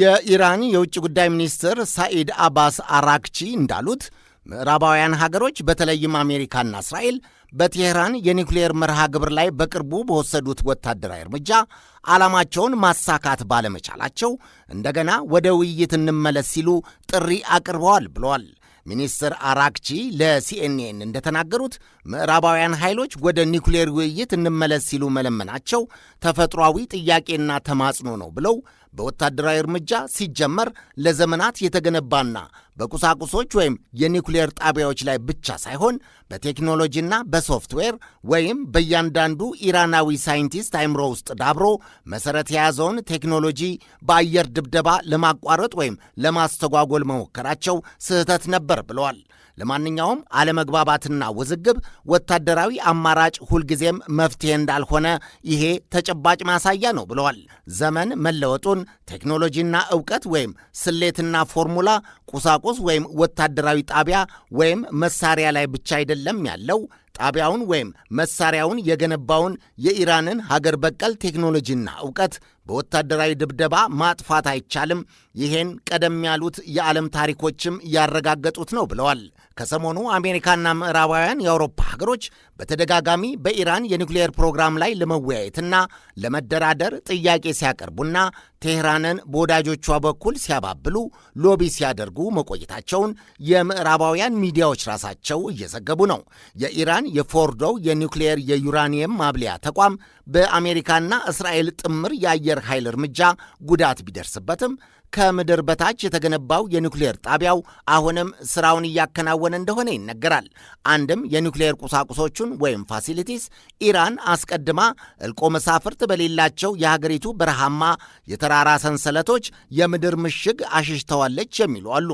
የኢራን የውጭ ጉዳይ ሚኒስትር ሳኢድ አባስ አራክቺ እንዳሉት ምዕራባውያን ሀገሮች በተለይም አሜሪካና እስራኤል በቴህራን የኒውክሌር መርሃ ግብር ላይ በቅርቡ በወሰዱት ወታደራዊ እርምጃ ዓላማቸውን ማሳካት ባለመቻላቸው እንደገና ወደ ውይይት እንመለስ ሲሉ ጥሪ አቅርበዋል ብለዋል። ሚኒስትር አራክቺ ለሲኤንኤን እንደተናገሩት ምዕራባውያን ኃይሎች ወደ ኒውክሌር ውይይት እንመለስ ሲሉ መለመናቸው ተፈጥሯዊ ጥያቄና ተማጽኖ ነው ብለው በወታደራዊ እርምጃ ሲጀመር ለዘመናት የተገነባና በቁሳቁሶች ወይም የኒውክሌር ጣቢያዎች ላይ ብቻ ሳይሆን በቴክኖሎጂና በሶፍትዌር ወይም በእያንዳንዱ ኢራናዊ ሳይንቲስት አይምሮ ውስጥ ዳብሮ መሠረት የያዘውን ቴክኖሎጂ በአየር ድብደባ ለማቋረጥ ወይም ለማስተጓጎል መሞከራቸው ስህተት ነበር ብለዋል። ለማንኛውም አለመግባባትና ውዝግብ ወታደራዊ አማራጭ ሁልጊዜም መፍትሄ እንዳልሆነ ይሄ ተጨባጭ ማሳያ ነው ብለዋል። ዘመን መለወጡን ቴክኖሎጂና እውቀት ወይም ስሌትና ፎርሙላ ቁሳቁስ ወይም ወታደራዊ ጣቢያ ወይም መሳሪያ ላይ ብቻ አይደለም ያለው ጣቢያውን ወይም መሳሪያውን የገነባውን የኢራንን ሀገር በቀል ቴክኖሎጂና እውቀት በወታደራዊ ድብደባ ማጥፋት አይቻልም። ይሄን ቀደም ያሉት የዓለም ታሪኮችም ያረጋገጡት ነው ብለዋል። ከሰሞኑ አሜሪካና ምዕራባውያን የአውሮፓ ሀገሮች በተደጋጋሚ በኢራን የኒውክሌየር ፕሮግራም ላይ ለመወያየትና ለመደራደር ጥያቄ ሲያቀርቡና ቴህራንን በወዳጆቿ በኩል ሲያባብሉ፣ ሎቢ ሲያደርጉ መቆየታቸውን የምዕራባውያን ሚዲያዎች ራሳቸው እየዘገቡ ነው። የኢራን የፎርዶው የኒውክሌየር የዩራኒየም ማብሊያ ተቋም በአሜሪካና እስራኤል ጥምር የአየር የአየር ኃይል እርምጃ ጉዳት ቢደርስበትም ከምድር በታች የተገነባው የኒውክሌር ጣቢያው አሁንም ስራውን እያከናወነ እንደሆነ ይነገራል። አንድም የኒውክሌር ቁሳቁሶቹን ወይም ፋሲሊቲስ ኢራን አስቀድማ እልቆ መሳፍርት በሌላቸው የሀገሪቱ በረሃማ የተራራ ሰንሰለቶች የምድር ምሽግ አሽሽተዋለች የሚሉ አሉ።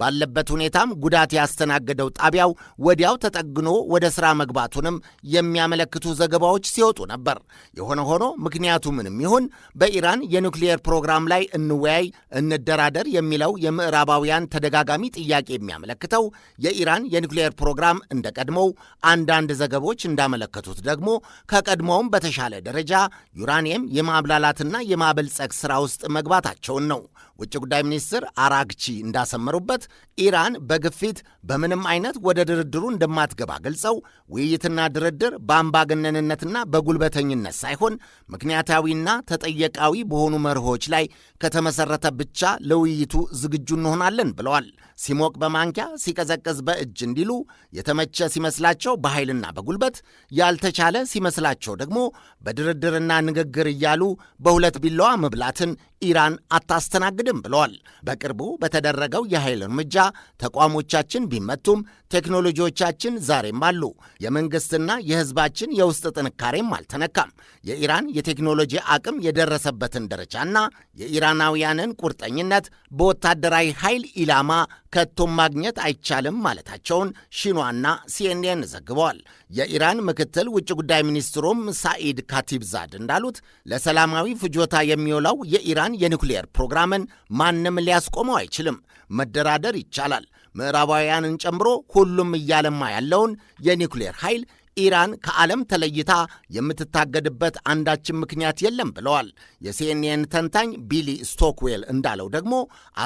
ባለበት ሁኔታም ጉዳት ያስተናገደው ጣቢያው ወዲያው ተጠግኖ ወደ ስራ መግባቱንም የሚያመለክቱ ዘገባዎች ሲወጡ ነበር። የሆነ ሆኖ ምክንያቱ ምንም ይሁን በኢራን የኒውክሌር ፕሮግራም ላይ እንወያይ እንደራደር የሚለው የምዕራባውያን ተደጋጋሚ ጥያቄ የሚያመለክተው የኢራን የኒውክሌር ፕሮግራም እንደ ቀድሞው፣ አንዳንድ ዘገቦች እንዳመለከቱት ደግሞ ከቀድሞውም በተሻለ ደረጃ ዩራኒየም የማብላላትና የማበልጸግ ሥራ ውስጥ መግባታቸውን ነው። ውጭ ጉዳይ ሚኒስትር አራግቺ እንዳሰመሩበት ኢራን በግፊት በምንም አይነት ወደ ድርድሩ እንደማትገባ ገልጸው ውይይትና ድርድር በአምባገነንነትና በጉልበተኝነት ሳይሆን ምክንያታዊና ተጠየቃዊ በሆኑ መርሆች ላይ ከተመሰረተ ብቻ ለውይይቱ ዝግጁ እንሆናለን ብለዋል። ሲሞቅ በማንኪያ ሲቀዘቅዝ በእጅ እንዲሉ የተመቸ ሲመስላቸው በኃይልና በጉልበት ያልተቻለ ሲመስላቸው ደግሞ በድርድርና ንግግር እያሉ በሁለት ቢላዋ መብላትን ኢራን አታስተናግድም። አይፈቅድም ብለዋል። በቅርቡ በተደረገው የኃይል እርምጃ ተቋሞቻችን ቢመቱም ቴክኖሎጂዎቻችን ዛሬም አሉ። የመንግሥትና የህዝባችን የውስጥ ጥንካሬም አልተነካም። የኢራን የቴክኖሎጂ አቅም የደረሰበትን ደረጃና የኢራናውያንን ቁርጠኝነት በወታደራዊ ኃይል ኢላማ ከቶም ማግኘት አይቻልም ማለታቸውን ሺኗና ሲኤንኤን ዘግበዋል። የኢራን ምክትል ውጭ ጉዳይ ሚኒስትሩም ሳኢድ ካቲብዛድ እንዳሉት ለሰላማዊ ፍጆታ የሚውለው የኢራን የኒውክሌየር ፕሮግራምን ማንም ሊያስቆመው አይችልም። መደራደር ይቻላል። ምዕራባውያንን ጨምሮ ሁሉም እያለማ ያለውን የኒውክሌየር ኃይል ኢራን ከዓለም ተለይታ የምትታገድበት አንዳችም ምክንያት የለም ብለዋል። የሲኤንኤን ተንታኝ ቢሊ ስቶክዌል እንዳለው ደግሞ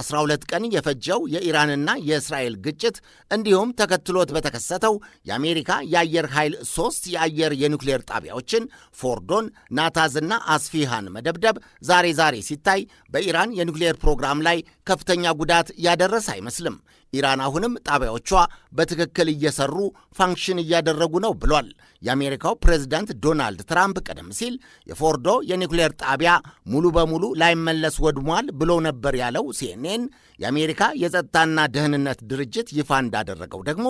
12 ቀን የፈጀው የኢራንና የእስራኤል ግጭት እንዲሁም ተከትሎት በተከሰተው የአሜሪካ የአየር ኃይል ሶስት የአየር የኒውክሌር ጣቢያዎችን ፎርዶን፣ ናታዝና አስፊሃን መደብደብ ዛሬ ዛሬ ሲታይ በኢራን የኒውክሌር ፕሮግራም ላይ ከፍተኛ ጉዳት ያደረሰ አይመስልም። ኢራን አሁንም ጣቢያዎቿ በትክክል እየሰሩ ፋንክሽን እያደረጉ ነው ብሏል። የአሜሪካው ፕሬዚዳንት ዶናልድ ትራምፕ ቀደም ሲል የፎርዶ የኒውክሌር ጣቢያ ሙሉ በሙሉ ላይመለስ ወድሟል ብሎ ነበር ያለው ሲኤንኤን የአሜሪካ የጸጥታና ደህንነት ድርጅት ይፋ እንዳደረገው ደግሞ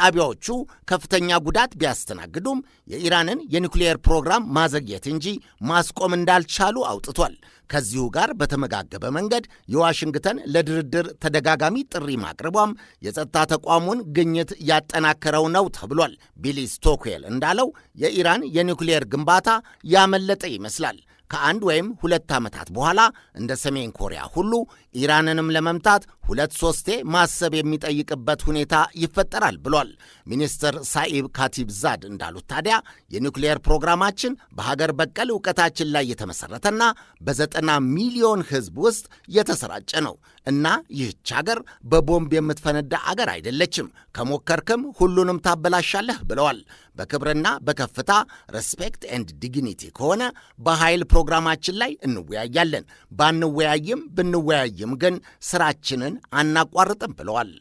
ጣቢያዎቹ ከፍተኛ ጉዳት ቢያስተናግዱም የኢራንን የኒውክሌር ፕሮግራም ማዘግየት እንጂ ማስቆም እንዳልቻሉ አውጥቷል። ከዚሁ ጋር በተመጋገበ መንገድ የዋሽንግተን ለድርድር ተደጋጋሚ ጥሪ ማቅረቧም የጸጥታ ተቋሙን ግኝት ያጠናከረው ነው ተብሏል። ቢሊ ስቶክዌል እንዳለው የኢራን የኒውክሌየር ግንባታ ያመለጠ ይመስላል። ከአንድ ወይም ሁለት ዓመታት በኋላ እንደ ሰሜን ኮሪያ ሁሉ ኢራንንም ለመምታት ሁለት ሶስቴ ማሰብ የሚጠይቅበት ሁኔታ ይፈጠራል ብሏል። ሚኒስትር ሳኢብ ካቲብ ዛድ እንዳሉት ታዲያ የኒውክሌየር ፕሮግራማችን በሀገር በቀል እውቀታችን ላይ የተመሠረተና በዘጠና ሚሊዮን ሕዝብ ውስጥ የተሰራጨ ነው። እና ይህች አገር በቦምብ የምትፈነዳ አገር አይደለችም፣ ከሞከርክም ሁሉንም ታበላሻለህ ብለዋል። በክብርና በከፍታ ሬስፔክት ኤንድ ዲግኒቲ ከሆነ በኃይል ፕሮግራማችን ላይ እንወያያለን። ባንወያይም ብንወያይም ግን ስራችንን አናቋርጥም ብለዋል።